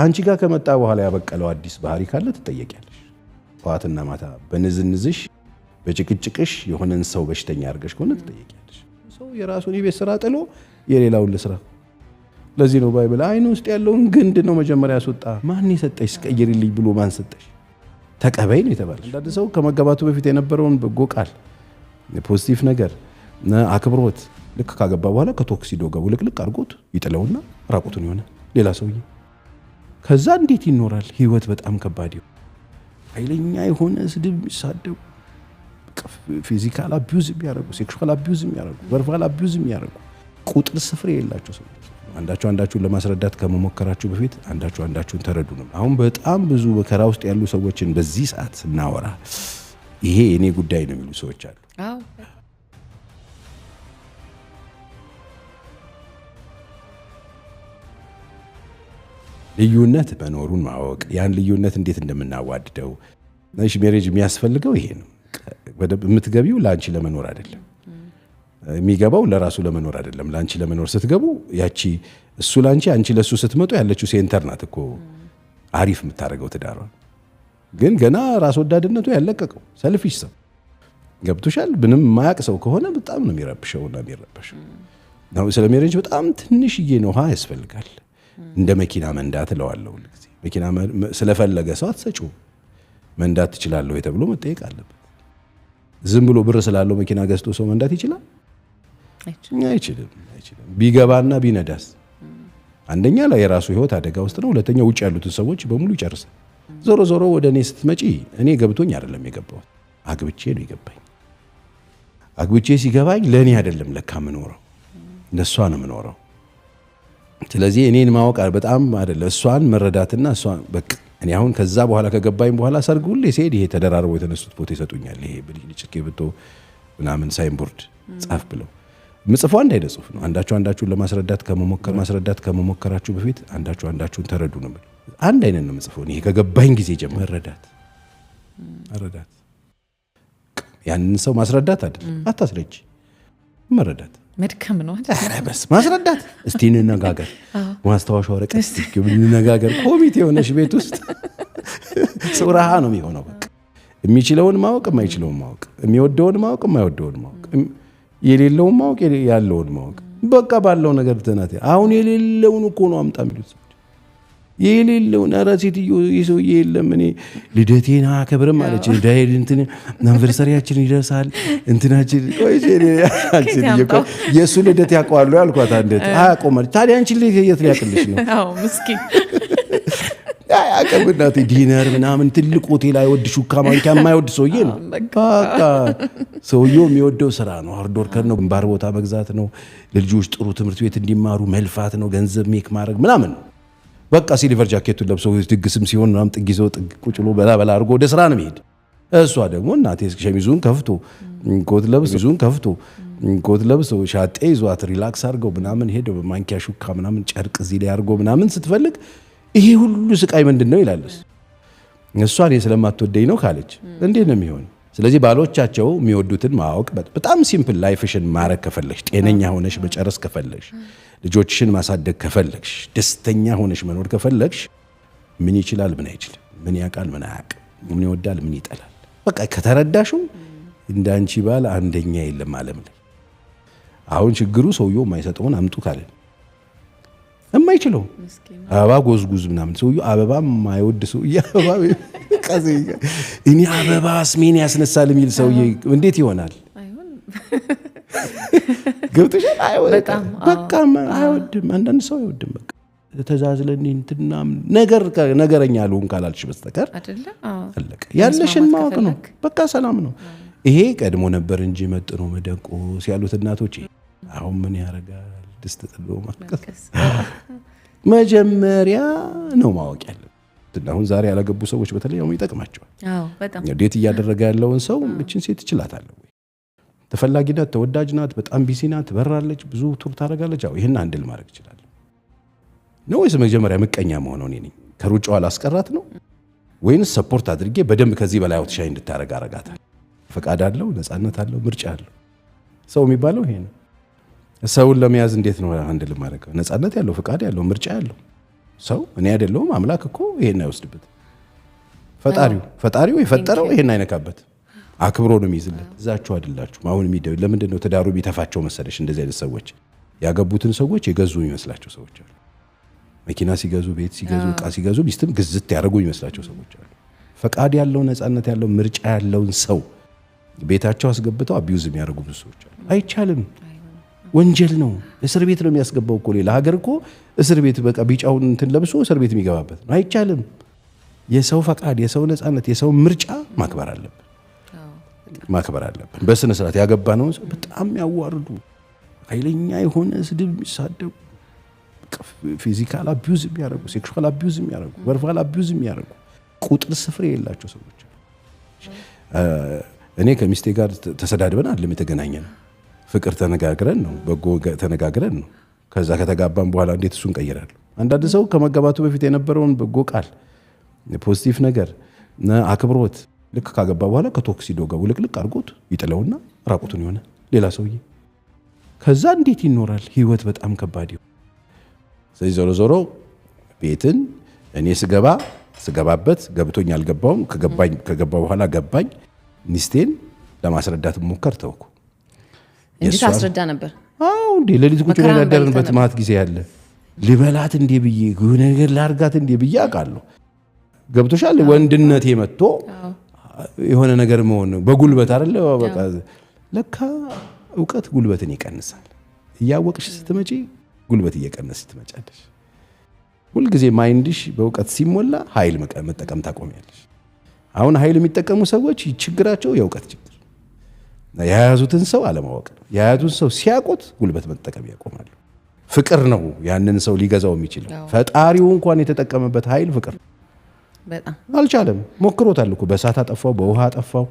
አንቺ ጋር ከመጣ በኋላ ያበቀለው አዲስ ባህሪ ካለ ትጠየቂያለሽ። ጠዋትና ማታ በንዝንዝሽ በጭቅጭቅሽ የሆነን ሰው በሽተኛ አድርገሽ ከሆነ ትጠየቂያለሽ። ሰው የራሱን የቤት ስራ ጥሎ የሌላውን ልስራ። ለዚህ ነው ባይብል አይን ውስጥ ያለውን ግንድ ነው መጀመሪያ ያስወጣ። ማን የሰጠሽ? ስቀይሪልኝ ብሎ ማን ሰጠሽ? ተቀበይ ነው የተባለ። አንዳንድ ሰው ከመገባቱ በፊት የነበረውን በጎ ቃል፣ ፖዚቲቭ ነገር፣ አክብሮት ልክ ካገባ በኋላ ከቶክሲዶ ጋር ውልቅልቅ አድርጎት ይጥለውና ራቁቱን የሆነ ሌላ ሰውዬ ከዛ እንዴት ይኖራል ህይወት? በጣም ከባድ ይሆ ኃይለኛ የሆነ ስድብ የሚሳደቡ ፊዚካል አቢዩዝ የሚያደርጉ ሴክሹዋል አቢዩዝ የሚያደርጉ ቨርባል አቢዩዝ የሚያደርጉ ቁጥር ስፍር የሌላቸው ሰዎች አንዳችሁ አንዳችሁን ለማስረዳት ከመሞከራችሁ በፊት አንዳችሁ አንዳችሁን ተረዱ ነው። አሁን በጣም ብዙ መከራ ውስጥ ያሉ ሰዎችን በዚህ ሰዓት ስናወራ ይሄ የእኔ ጉዳይ ነው የሚሉ ሰዎች አሉ። ልዩነት መኖሩን ማወቅ ያን ልዩነት እንዴት እንደምናዋድደው። እሺ ሜሬጅ የሚያስፈልገው ይሄ ነው። የምትገቢው ለአንቺ ለመኖር አይደለም። የሚገባው ለራሱ ለመኖር አይደለም። ለአንቺ ለመኖር ስትገቡ ያቺ እሱ ለአንቺ አንቺ ለእሱ ስትመጡ ያለችው ሴንተር ናት እኮ አሪፍ የምታደርገው ትዳሯን። ግን ገና ራስ ወዳድነቱ ያለቀቀው ሰልፊሽ ሰው ገብቶሻል። ምንም የማያቅ ሰው ከሆነ በጣም ነው የሚረብሸው እና የሚረበሸው ስለ ሜሬጅ በጣም ትንሽዬ ነው ውሃ ያስፈልጋል። እንደ መኪና መንዳት እለዋለሁ። ሁልጊዜ መኪና ስለፈለገ ሰው አትሰጪው መንዳት ትችላለህ ወይ ተብሎ መጠየቅ አለበት። ዝም ብሎ ብር ስላለው መኪና ገዝቶ ሰው መንዳት ይችላል? አይችልም። ቢገባና ቢነዳስ አንደኛ ላይ የራሱ ህይወት አደጋ ውስጥ ነው። ሁለተኛ ውጭ ያሉትን ሰዎች በሙሉ ይጨርሳል። ዞሮ ዞሮ ወደ እኔ ስትመጪ እኔ ገብቶኝ አይደለም የገባሁት፣ አግብቼ ነው የገባኝ። አግብቼ ሲገባኝ ለእኔ አይደለም ለካ ምኖረው ለእሷ ነው ምኖረው ስለዚህ እኔን ማወቅ በጣም አይደለ እሷን መረዳትና እሷን በቃ እኔ አሁን ከዛ በኋላ ከገባኝ በኋላ ሰርግ ሁሌ ሲሄድ ይሄ ተደራርቦ የተነሱት ፎቶ ይሰጡኛል። ይሄ ብልጭልጭ ብቶ ምናምን ሳይንቦርድ ጻፍ ብለው ምጽፎ አንድ አይነት ጽሁፍ ነው። አንዳችሁ አንዳችሁን ለማስረዳት ከመሞከር ማስረዳት ከመሞከራችሁ በፊት አንዳችሁ አንዳችሁን ተረዱ ነው። አንድ አይነት ነው ምጽፎ ይሄ ከገባኝ ጊዜ ጀምሮ መረዳት መረዳት ያንን ሰው ማስረዳት አይደል አታስረጅ መረዳት መድከም ነው። ማስረዳት እስቲ እንነጋገር፣ ማስታወሻ ወረቀት እንነጋገር። ኮሚቴ የሆነሽ ቤት ውስጥ ስብረሃ ነው የሚሆነው። በቃ የሚችለውን ማወቅ፣ የማይችለውን ማወቅ፣ የሚወደውን ማወቅ፣ የማይወደውን ማወቅ፣ የሌለውን ማወቅ፣ ያለውን ማወቅ። በቃ ባለው ነገር ትናት አሁን የሌለውን እኮ ነው አምጣ የሚሉት የሌለው ኧረ ሴትዮ የሰውዬ የለም እኔ ልደቴን አከብርም አለች። ዳሄድ እንትን አንቨርሰሪያችን ይደርሳል እንትናችን የእሱ ልደት ያውቀዋሉ ያልኳት አንዴት አያቆማል። ታዲያ አንቺ የት ሊያቅልሽ ነው? አያውቅም አያቀብናት ዲነር ምናምን ትልቅ ሆቴል አይወድ ሹካ ማንኪያ የማይወድ ሰውዬ ነው። በቃ ሰውዬው የሚወደው ስራ ነው። ሃርድ ወርከር ነው። ግንባር ቦታ መግዛት ነው። ለልጆች ጥሩ ትምህርት ቤት እንዲማሩ መልፋት ነው። ገንዘብ ሜክ ማድረግ ምናምን ነው። በቃ ሲሊቨር ጃኬቱን ለብሶ ድግስም ሲሆን ምናምን ጥግ ይዘው ጥግ በላ በላ አድርጎ ወደ ስራ ነው የሚሄድ። እሷ ደግሞ እናቴ ሸሚዙን ከፍቶ ኮት ለብሶ ከፍቶ ኮት ለብሶ ሻጤ ይዟት ሪላክስ አድርገው ምናምን ሄደው በማንኪያ ሹካ ምናምን ጨርቅ እዚህ ላይ አድርጎ ምናምን ስትፈልግ ይሄ ሁሉ ስቃይ ምንድን ነው ይላለስ። እሷ እኔ ስለማትወደኝ ነው ካለች እንዴት ነው የሚሆን? ስለዚህ ባሎቻቸው የሚወዱትን ማወቅ በጣም ሲምፕል ላይፍሽን ማድረግ ከፈለግሽ፣ ጤነኛ ሆነሽ መጨረስ ከፈለግሽ፣ ልጆችሽን ማሳደግ ከፈለግሽ፣ ደስተኛ ሆነሽ መኖር ከፈለግሽ ምን ይችላል፣ ምን አይችልም፣ ምን ያውቃል፣ ምን አያውቅም፣ ምን ይወዳል፣ ምን ይጠላል፣ በቃ ከተረዳሽው እንደ አንቺ ባል አንደኛ የለም ዓለም ላይ። አሁን ችግሩ ሰውየው የማይሰጠውን አምጡ ካለን የማይችለው አበባ ጎዝጉዝ ምናምን ሰውየው አበባ የማይወድ ሰውዬ አበባ እኔ አበባ ስሜን ያስነሳል የሚል ሰውዬ እንዴት ይሆናል? ገብቶሻል? አይወድም፣ በቃ አይወድም። አንዳንድ ሰው አይወድም። በቃ ተዛዝለን እንትና ነገር ነገረኛ ልሁን ካላልሽ በስተቀር ያለሽን ማወቅ ነው። በቃ ሰላም ነው። ይሄ ቀድሞ ነበር እንጂ መጥኖ መደቆስ ያሉት እናቶች አሁን ምን ያደርጋል? ድስት ጥሎ ማልቀስ መጀመሪያ ነው ማወቅ ያለ አሁን ዛሬ ያላገቡ ሰዎች በተለይ ይጠቅማቸዋል። ዴት እያደረገ ያለውን ሰው እችን ሴት ትችላታለ ወይ ተፈላጊ ናት፣ ተወዳጅ ናት፣ በጣም ቢሲ ናት፣ ትበራለች፣ ብዙ ቱር ታደርጋለች። አዎ ይህን አንድል ማድረግ ይችላል ነው ወይስ መጀመሪያ ምቀኛ መሆነው እኔ ነኝ ከሩጫዋ ነው ወይንስ ሰፖርት አድርጌ በደንብ ከዚህ በላይ አውትሻይ እንድታደረግ አረጋታል? ፈቃድ አለው፣ ነፃነት አለው፣ ምርጫ አለው። ሰው የሚባለው ይሄ ነው። ሰውን ለመያዝ እንዴት ነው አንድል ማድረግ? ነፃነት ያለው፣ ፈቃድ ያለው፣ ምርጫ ያለው ሰው እኔ አይደለሁም። አምላክ እኮ ይሄን አይወስድበት። ፈጣሪው ፈጣሪው የፈጠረው ይሄን አይነካበት፣ አክብሮ ነው የሚይዝለት። እዛችሁ አይደላችሁም። አሁን የሚደው ለምንድን ነው ትዳሩ የሚተፋቸው መሰለሽ? እንደዚህ አይነት ሰዎች ያገቡትን ሰዎች የገዙ የሚመስላቸው ሰዎች አሉ። መኪና ሲገዙ፣ ቤት ሲገዙ፣ እቃ ሲገዙ ሚስትም ግዝት ያደረጉ የሚመስላቸው ሰዎች አሉ። ፈቃድ ያለው ነፃነት ያለው ምርጫ ያለውን ሰው ቤታቸው አስገብተው አቢዩዝ የሚያደርጉ ብዙ ሰዎች አሉ። አይቻልም። ወንጀል ነው። እስር ቤት ነው የሚያስገባው እኮ ሌላ ሀገር እኮ እስር ቤት በቃ ቢጫውን እንትን ለብሶ እስር ቤት የሚገባበት ነው። አይቻልም። የሰው ፈቃድ፣ የሰው ነፃነት፣ የሰው ምርጫ ማክበር አለብን ማክበር አለብን በስነ ስርዓት ያገባ ነው። በጣም ያዋርዱ ኃይለኛ የሆነ ስድብ የሚሳደቡ ፊዚካል አቢዩዝ የሚያደርጉ ሴክሹዋል አቢዩዝ የሚያደርጉ ቨርባል አቢዩዝ የሚያደርጉ ቁጥር ስፍር የሌላቸው ሰዎች እኔ ከሚስቴ ጋር ተሰዳድበን አለም የተገናኘ ነው ፍቅር ተነጋግረን ነው፣ በጎ ተነጋግረን ነው። ከዛ ከተጋባን በኋላ እንዴት እሱን ቀይራለሁ? አንዳንድ ሰው ከመጋባቱ በፊት የነበረውን በጎ ቃል፣ ፖዚቲቭ ነገር፣ አክብሮት ልክ ካገባ በኋላ ከቶክሲዶ ጋር ውልቅልቅ አድርጎት ይጥለውና ራቁቱን የሆነ ሌላ ሰውዬ ከዛ እንዴት ይኖራል? ህይወት በጣም ከባድ ይሆን። ስለዚህ ዞሮ ዞሮ ቤትን እኔ ስገባ ስገባበት ገብቶኝ አልገባውም፣ ከገባ በኋላ ገባኝ፣ ሚስቴን ለማስረዳት ሞከር ተውኩ። እንጂ ታስረዳ ነበር። አዎ እንዴ ለሊት ቁጭ ብለን ያደርን በጥማት ጊዜ ያለ ልበላት እንዴ ብዬ የሆነ ነገር ላርጋት እንዴ ብዬ አውቃለሁ። ገብቶሻል። ወንድነቴ መጥቶ የሆነ ነገር መሆን ነው በጉልበት አይደለ በቃ ለካ እውቀት ጉልበትን ይቀንሳል። እያወቅሽ ስትመጪ ጉልበት እየቀነስ ትመጫለሽ። ሁልጊዜ ማይንድሽ በእውቀት ሲሞላ ኃይል መጠቀም ታቆሚያለሽ። አሁን ኃይል የሚጠቀሙ ሰዎች ችግራቸው የእውቀት ችግር የያዙትን ሰው አለማወቅ ነው። የያዙትን ሰው ሲያውቁት ጉልበት መጠቀም ያቆማሉ። ፍቅር ነው ያንን ሰው ሊገዛው የሚችል ፈጣሪው እንኳን የተጠቀመበት ኃይል ፍቅር አልቻለም። ሞክሮታል እኮ በእሳት አጠፋው፣ በውሃ አጠፋው፣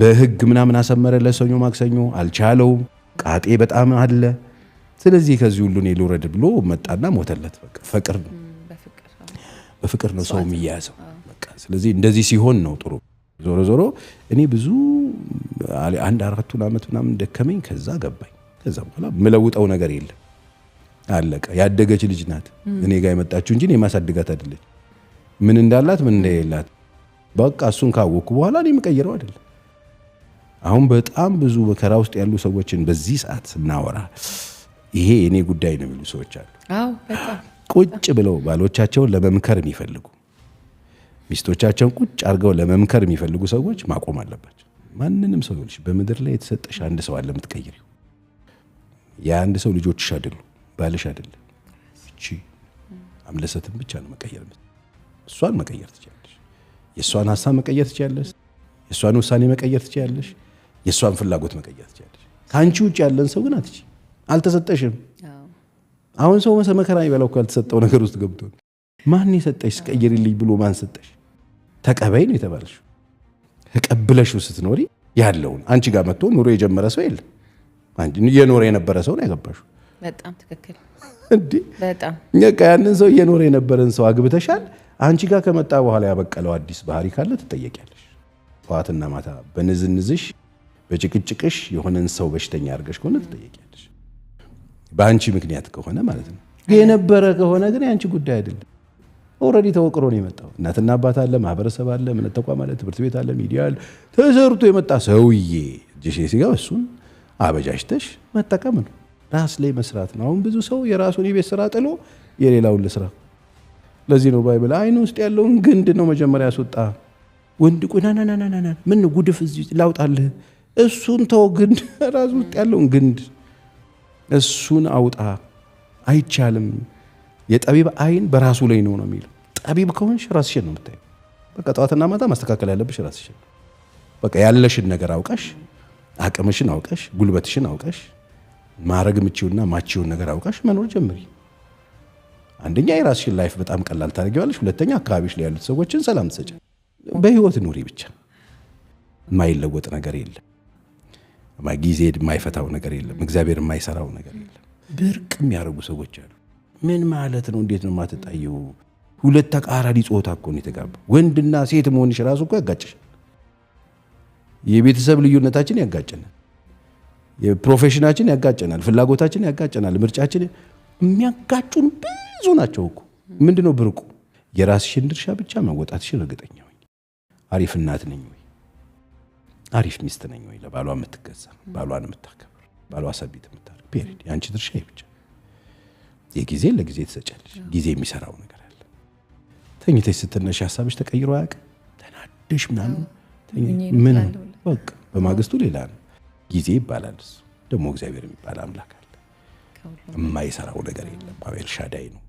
በህግ ምናምን አሰመረ ለሰኞ ማክሰኞ አልቻለውም። ቃጤ በጣም አለ። ስለዚህ ከዚህ ሁሉ እኔ ልውረድ ብሎ መጣና ሞተለት። ፍቅር ነው በፍቅር ነው ሰው የሚያያዘው። ስለዚህ እንደዚህ ሲሆን ነው ጥሩ። ዞሮ ዞሮ እኔ ብዙ አንድ አራቱን ዓመት ምናምን ደከመኝ። ከዛ ገባኝ። ከዛ በኋላ የምለውጠው ነገር የለም አለቀ። ያደገች ልጅ ናት እኔ ጋር የመጣችው እንጂ የማሳድጋት አይደለች። ምን እንዳላት ምን እንደሌላት በቃ እሱን ካወቅኩ በኋላ እኔ የምቀይረው አይደለም። አሁን በጣም ብዙ መከራ ውስጥ ያሉ ሰዎችን በዚህ ሰዓት ስናወራ ይሄ የእኔ ጉዳይ ነው የሚሉ ሰዎች አሉ። ቁጭ ብለው ባሎቻቸውን ለመምከር የሚፈልጉ ሚስቶቻቸውን ቁጭ አድርገው ለመምከር የሚፈልጉ ሰዎች ማቆም አለባቸው። ማንንም ሰው ይኸውልሽ፣ በምድር ላይ የተሰጠሽ አንድ ሰው አለ የምትቀይሪው። አንድ ሰው ልጆችሽ አይደሉ፣ ባልሽ አይደለ፣ እቺ አምለሰትን ብቻ ነው መቀየር። እሷን መቀየር ትችላለሽ። የእሷን ሀሳብ መቀየር ትችላለሽ። የእሷን ውሳኔ መቀየር ትችላለሽ። የእሷን ፍላጎት መቀየር ትችላለሽ። ከአንቺ ውጭ ያለን ሰው ግን አትች፣ አልተሰጠሽም። አሁን ሰው መከራ ይበላው ያልተሰጠው ነገር ውስጥ ገብቶ ማን የሰጠሽ? ስቀይሪልኝ ብሎ ማን ሰጠሽ? ተቀበይ ነው የተባለሽው። ተቀብለሽው ስትኖሪ ያለውን አንቺ ጋር መጥቶ ኑሮ የጀመረ ሰው የለ እየኖረ የነበረ ሰው ነው ያገባሹ። በጣም ትክክል። ያንን ሰው እየኖረ የነበረን ሰው አግብተሻል። አንቺ ጋር ከመጣ በኋላ ያበቀለው አዲስ ባህሪ ካለ ትጠየቂያለሽ። ጠዋትና ማታ በንዝንዝሽ በጭቅጭቅሽ የሆነን ሰው በሽተኛ አድርገሽ ከሆነ ትጠየቂያለሽ። በአንቺ ምክንያት ከሆነ ማለት ነው። የነበረ ከሆነ ግን የአንቺ ጉዳይ አይደለም። ኦልሬዲ ተወቅሮ ነው የመጣው። እናትና አባት አለ፣ ማህበረሰብ አለ፣ እምነት ተቋም አለ፣ ትምህርት ቤት አለ፣ ሚዲያ አለ። ተሰርቶ የመጣ ሰውዬ እጅሽ ሲጋ እሱን አበጃጅተሽ መጠቀም ነው፣ ራስ ላይ መስራት ነው። አሁን ብዙ ሰው የራሱን የቤት ስራ ጥሎ የሌላውን ልስራ። ለዚህ ነው ባይብል አይን ውስጥ ያለውን ግንድ ነው መጀመሪያ ያስወጣ። ወንድ ቁናናናናና ምን ጉድፍ እዚህ ላውጣልህ? እሱን ተው፣ ግንድ ራስ ውስጥ ያለውን ግንድ እሱን አውጣ። አይቻልም። የጠቢብ አይን በራሱ ላይ ነው ነው የሚለው ጠቢብ ከሆንሽ ራስሽን ነው የምታየው። በቃ ጠዋትና ማታ ማስተካከል ያለብሽ ራስሽን። በቃ ያለሽን ነገር አውቀሽ፣ አቅምሽን አውቀሽ፣ ጉልበትሽን አውቀሽ፣ ማድረግ ምችውና ማችውን ነገር አውቀሽ መኖር ጀምሪ። አንደኛ የራስሽን ላይፍ በጣም ቀላል ታደርጊዋለሽ። ሁለተኛ አካባቢሽ ላይ ያሉት ሰዎችን ሰላም ትሰጫ። በህይወት ኑሪ ብቻ። የማይለወጥ ነገር የለም። ጊዜ የማይፈታው ነገር የለም። እግዚአብሔር የማይሰራው ነገር የለም። ብርቅ የሚያደርጉ ሰዎች አሉ። ምን ማለት ነው? እንዴት ነው የማትጣየው? ሁለት ተቃራኒ ጾታ እኮ ነው የተጋባ። ወንድና ሴት መሆንሽ ራሱ እኮ ያጋጭሻል። የቤተሰብ ልዩነታችን ያጋጨናል። የፕሮፌሽናችን ያጋጨናል። ፍላጎታችን ያጋጨናል። ምርጫችን የሚያጋጩን ብዙ ናቸው እኮ። ምንድን ነው ብርቁ? የራስሽን ድርሻ ብቻ መወጣትሽን እርግጠኛ ሆኝ። አሪፍ እናት ነኝ ወይ፣ አሪፍ ሚስት ነኝ ወይ፣ ለባሏ የምትገዛ ባሏን የምታከብር ባሏ ሰቢት የምታደርግ ፔሪድ። የአንቺ ድርሻ ብቻ። የጊዜ ለጊዜ ትሰጫለሽ። ጊዜ የሚሰራው ነገር ተኝተሽ ስትነሽ ሀሳብሽ ተቀይሮ አያውቅም? ተናደሽ ምናምን ምን በቃ በማግስቱ ሌላ ነው። ጊዜ ይባላል ደግሞ እግዚአብሔር የሚባል አምላክ አለ። የማይሰራው ነገር የለም። አቤል ሻዳይ ነው።